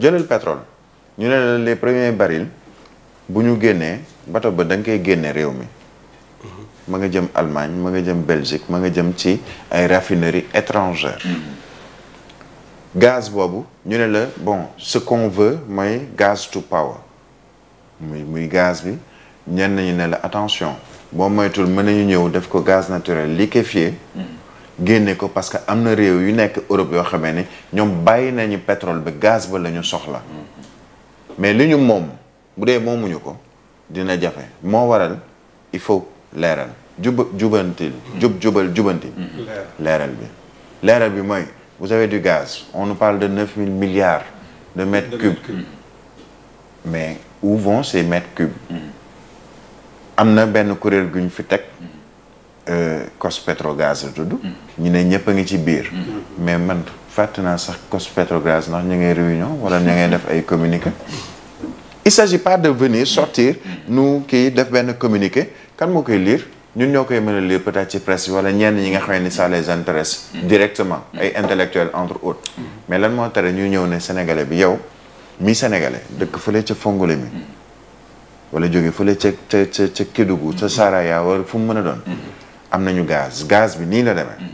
jëlal pétrole ñu ne la les premiers barils bu ñu génnee bato ba da koy génne réew mi mhm. ma nga jëm Allemagne ma nga jëm Belgique ma nga jëm ci ay raffineries étrangères mhm. gaz boobu ñu ne la bon ce qu'on veut mooy gaz to power muy muy gaz bi ñenn nañu ne la attention boo moytul mën nañu ñëw def ko gaz naturel liquéfié mhm. génne ko parce que am na réew yu nekk Europe yoo xamee ni ñoom bàyyi nañu pétrole bi gaz ba la ñu soxla mais li ñu moom bu dee moomuñu ko dina jafe moo waral il faut leeral juba jubantil jub jubal jubanti leeral bi leeral bi mooy vous avez du gaz on nous parle de neuf mille milliards de mètres cubes mais où vont ces mètres am na benn kuréel gu ñu fi teg Euh, cos pétrogaz la tudd ñu ne ñëpp a ngi ci biir mais man fàtte naa sax cos pétrogaz ndax ñu ngay réunion wala ñu ngay def ay communiqué il s'agit pas de venir sortir nu kii def benn communiqué kan moo koy liir ñun ñoo koy mën a lire peut-être ci presse wala ñenn ñi nga xam ni ça les intéresse directement ay intellectuels entre autres mais lan moo tere ñu ñëw ne sénégalais bi yow mi sénégalais dëkk fële ca Fongole mi wala jóge fële ca ca ca ca Kédougou Saraya wala fu mu mën a doon am nañu gaz gaz bi nii la demee mm.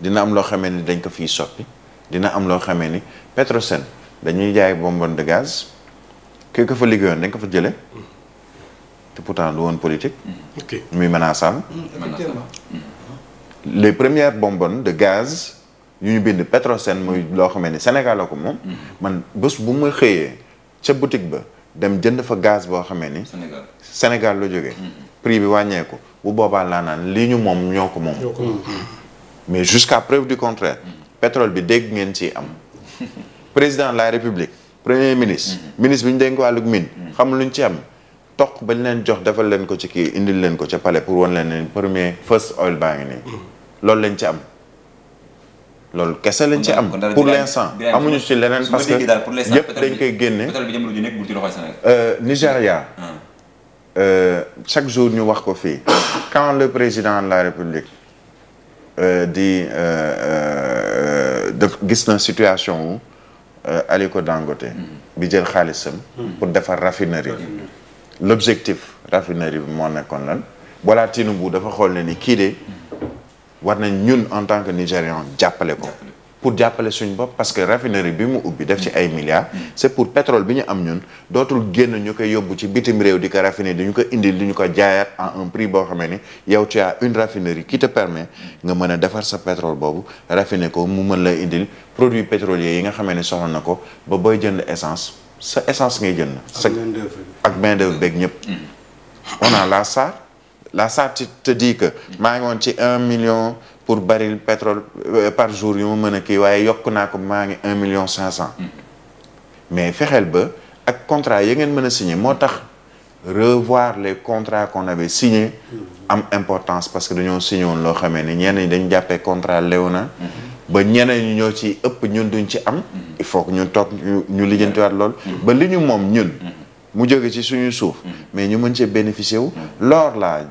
dina am loo xamee ni dañ ko fiy soppi dina am loo xamee ni Petrosen dañuy jaay bombon de gaz ki ko fa liggéeyoon dañ ko fa jële te pourtant du woon politique mm. muy menace am première premières de gaz yu ñu bind Petrosen muy loo xamee ni Sénégal ko moom mm. man bés bu ma xëyee ca boutique ba dem jënd fa gaz boo xamee ni Sénégal la jógee prix bi wàññeeku bu boobaa naa naan lii ñu moom ñoo ko moom mais jusqu'à preuve du contraire pétrole bi dégg ngeen ci am président de la république premier ministre mm-hmm. ministre bi ñu dénk wàllug mine xam luñ ci am toq bañ leen jox defal leen ko ci kii indil leen ko ca palais pour wan leen ne premier first oil baa ngi nii mm-hmm. loolu lañ ci am loolu kese lañ ci am pour l'instant amuñu ci leneen parce que yëpp dañ koy génne euh, Nigeria ah. euh, chaque jour ñu wax ko fii quand le président de la République euh, di euh, euh, def gis na situation wu euh, Aliko Dangote mm-hmm. bi jël xaalisam mm-hmm. pour defar raffinerie bi l'objectif raffinerie bi moo nekkoon lan voilà Tinubu dafa xool ne ni kii de war nañ ñun en tant que Nigérian jàppale ko pour jàppale suñu bopp parce que raffinerie bi mu ubbi def ci ay milliards c'est pour pétrole bi ñu am ñun dootul génn ñu ko yóbbu ci bitim réew di ko raffiner di ñu ko indil di ñu ko jaayaat à un prix boo xamee ni yow tu as une raffinerie qui te permet nga mën a defar sa pétrole boobu raffiner ko mu mën la indil produits pétroliers yi nga xamee ne soxla na ko ba booy jënd essence sa essence ngay jënd sa ak main d'œuvre beeg ñëpp mm-hmm. on a la SAR la SAR te dit que maa ngi woon ci un million pour baril pétrole euh, par jour yu ma mën a kii waaye yokk naa ko maa ngi un million cinq cent mm-hmm. mais fexeel ba ak contrat yi ngeen mën a signé moo tax revoir les contrat qu'on avait signés mm-hmm. am importance parce que dañoo signé woon loo xamee ni ñenn ñi dañ jàppee contrat na mm-hmm. ba ñeneen ñi ñoo ci ëpp ñun duñ ci am il faut que ñu toog ñu lijjantiwaat lool ba li ñu moom ñun mu jóge ci suñu suuf mais ñu mën cee bénéficier wu lor laa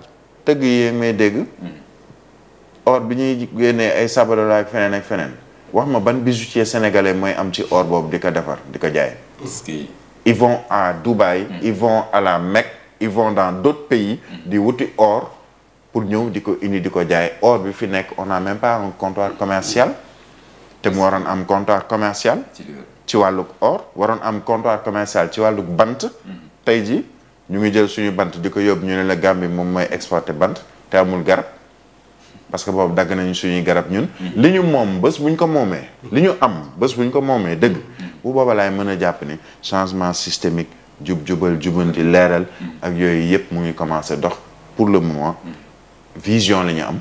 tëgg yee may dégg or bi ñuy génnee ay sabadola ak feneen ak feneen wax ma ban bijoutier sénégalais mooy am ci or boobu di ko defar di ko jaay. ils vont à Dubaï. Hmm. ils vont à la Mecque ils vont dans d'autres pays. Hmm. di wuti or pour ñëw di ko indi di ko jaay or bi fi nekk on a même pas un comptoir commercial te mu waroon am comptoir commercial. ci wàllug or waroon am comptoir commercial ci wàllug bant. Hmm. tey ji ñu ngi jël suñu bant di ko yóbbu ñu ne la Gambie moom mooy exporter bant te amul garab. parce que boobu dagg nañu suñuy garab ñun. li ñu moom bés bu ñu ko moomee. li ñu am bés bu ñu ko moomee dëgg. bu booba laay mën a jàpp ni changement systémique jub jubal jubanti leeral. ak yooyu yëpp mu ngi commencé dox pour le moment. vision la ñu am.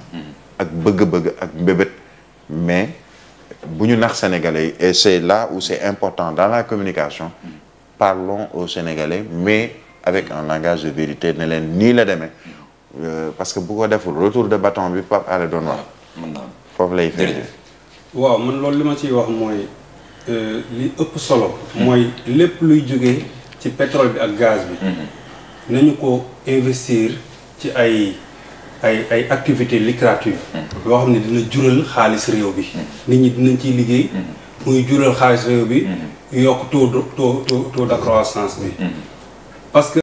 ak bëgg-bëgg ak mbébét mais bu ñu nax sénégalais yi et c' est là où c' est important dans la communication. parlons au sénégalais mais avec un langage de vérité ne leen nii la demee. Euh, parce que bu ko deful retour de bâton bi Pape Alé doon wax. Ah, foofu lay feeñee. waaw man lool li ma ciy wax mooy euh, li ëpp solo. mooy lépp luy jóge ci pétrole bi ak gaz bi. Mhm. nañu ko investir ci ay ay ay activités lucratives. Mhm. yoo xam ne dina jural xaalis réew bi. Mhm. nit ñi dinañ ciy liggéey. muy jural xaalis réew bi. yokk taux taux taux de croissance bi. parce